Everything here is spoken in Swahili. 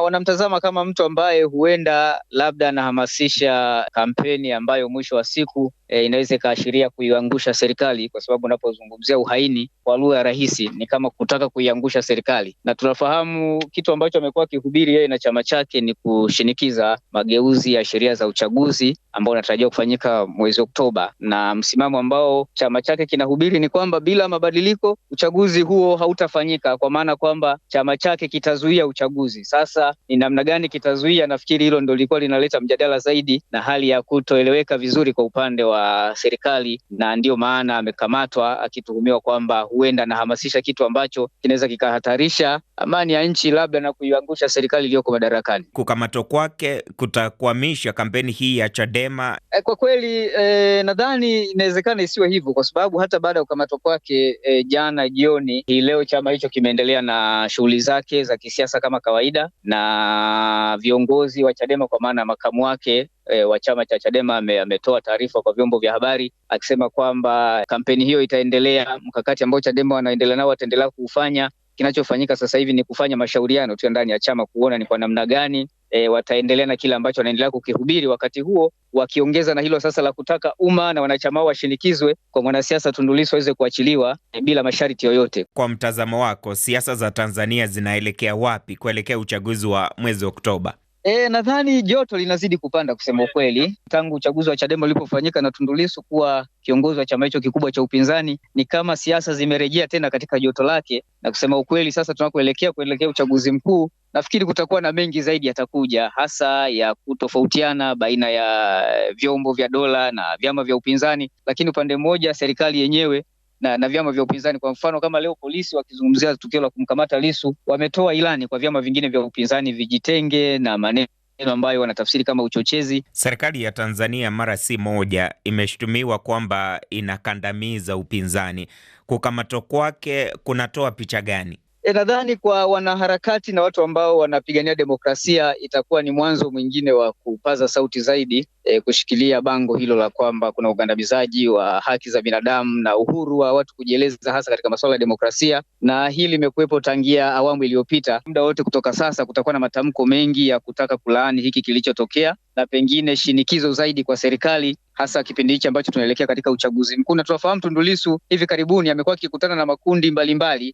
wanamtazama kama mtu ambaye huenda labda anahamasisha kampeni ambayo mwisho wa siku e, inaweza ikaashiria kuiangusha serikali, kwa sababu unapozungumzia uhaini kwa lugha rahisi ni kama kutaka kuiangusha serikali, na tunafahamu kitu ambacho amekuwa akihubiri yeye na chama chake ni kushinikiza mageuzi ya sheria za uchaguzi ambao unatarajiwa kufanyika mwezi Oktoba, na msimamo ambao chama chake kinahubiri ni kwamba bila mabadiliko uchaguzi huo hautafanyika, kwa maana kwamba chama chake kitazuia uchaguzi sasa sasa ni namna gani kitazuia. Nafikiri hilo ndo lilikuwa linaleta mjadala zaidi na hali ya kutoeleweka vizuri kwa upande wa serikali, na ndiyo maana amekamatwa akituhumiwa kwamba huenda anahamasisha kitu ambacho kinaweza kikahatarisha amani ya nchi labda na kuiangusha serikali iliyoko madarakani. Kukamatwa kwake kutakwamisha kampeni hii ya Chadema. E, kwa kweli e, nadhani inawezekana isiwe hivyo, kwa sababu hata baada ya kukamatwa kwake e, jana jioni hii leo chama hicho kimeendelea na shughuli zake za kisiasa kama kawaida na viongozi wa Chadema kwa maana makamu wake e, wa chama cha Chadema ametoa taarifa kwa vyombo vya habari akisema kwamba kampeni hiyo itaendelea. Mkakati ambao Chadema wanaendelea nao wataendelea kuufanya. Kinachofanyika sasa hivi ni kufanya mashauriano tu ndani ya chama kuona ni kwa namna gani e, wataendelea na kile ambacho wanaendelea kukihubiri, wakati huo wakiongeza na hilo sasa la kutaka umma na wanachama wao washinikizwe kwa mwanasiasa Tundu Lissu aweze kuachiliwa e, bila masharti yoyote. Kwa mtazamo wako, siasa za Tanzania zinaelekea wapi kuelekea uchaguzi wa mwezi Oktoba? E, nadhani joto linazidi kupanda kusema ukweli, tangu uchaguzi wa Chadema ulipofanyika na Tundu Lissu kuwa kiongozi wa chama hicho kikubwa cha upinzani, ni kama siasa zimerejea tena katika joto lake, na kusema ukweli, sasa tunakoelekea kuelekea uchaguzi mkuu, nafikiri kutakuwa na mengi zaidi yatakuja, hasa ya kutofautiana baina ya vyombo vya dola na vyama vya upinzani, lakini upande mmoja serikali yenyewe na, na vyama vya upinzani. Kwa mfano kama leo polisi wakizungumzia tukio la kumkamata Lisu, wametoa ilani kwa vyama vingine vya upinzani vijitenge na maneno ambayo wanatafsiri kama uchochezi. Serikali ya Tanzania mara si moja imeshutumiwa kwamba inakandamiza upinzani. Kukamatwa kwake kunatoa picha gani? E, nadhani kwa wanaharakati na watu ambao wanapigania demokrasia itakuwa ni mwanzo mwingine wa kupaza sauti zaidi, e, kushikilia bango hilo la kwamba kuna ugandamizaji wa haki za binadamu na uhuru wa watu kujieleza hasa katika masuala ya demokrasia, na hili limekuwepo tangia awamu iliyopita. Muda wote kutoka sasa kutakuwa na matamko mengi ya kutaka kulaani hiki kilichotokea na pengine shinikizo zaidi kwa serikali hasa kipindi hichi ambacho tunaelekea katika uchaguzi mkuu, na tunafahamu Tundu Lissu hivi karibuni amekuwa akikutana na makundi mbalimbali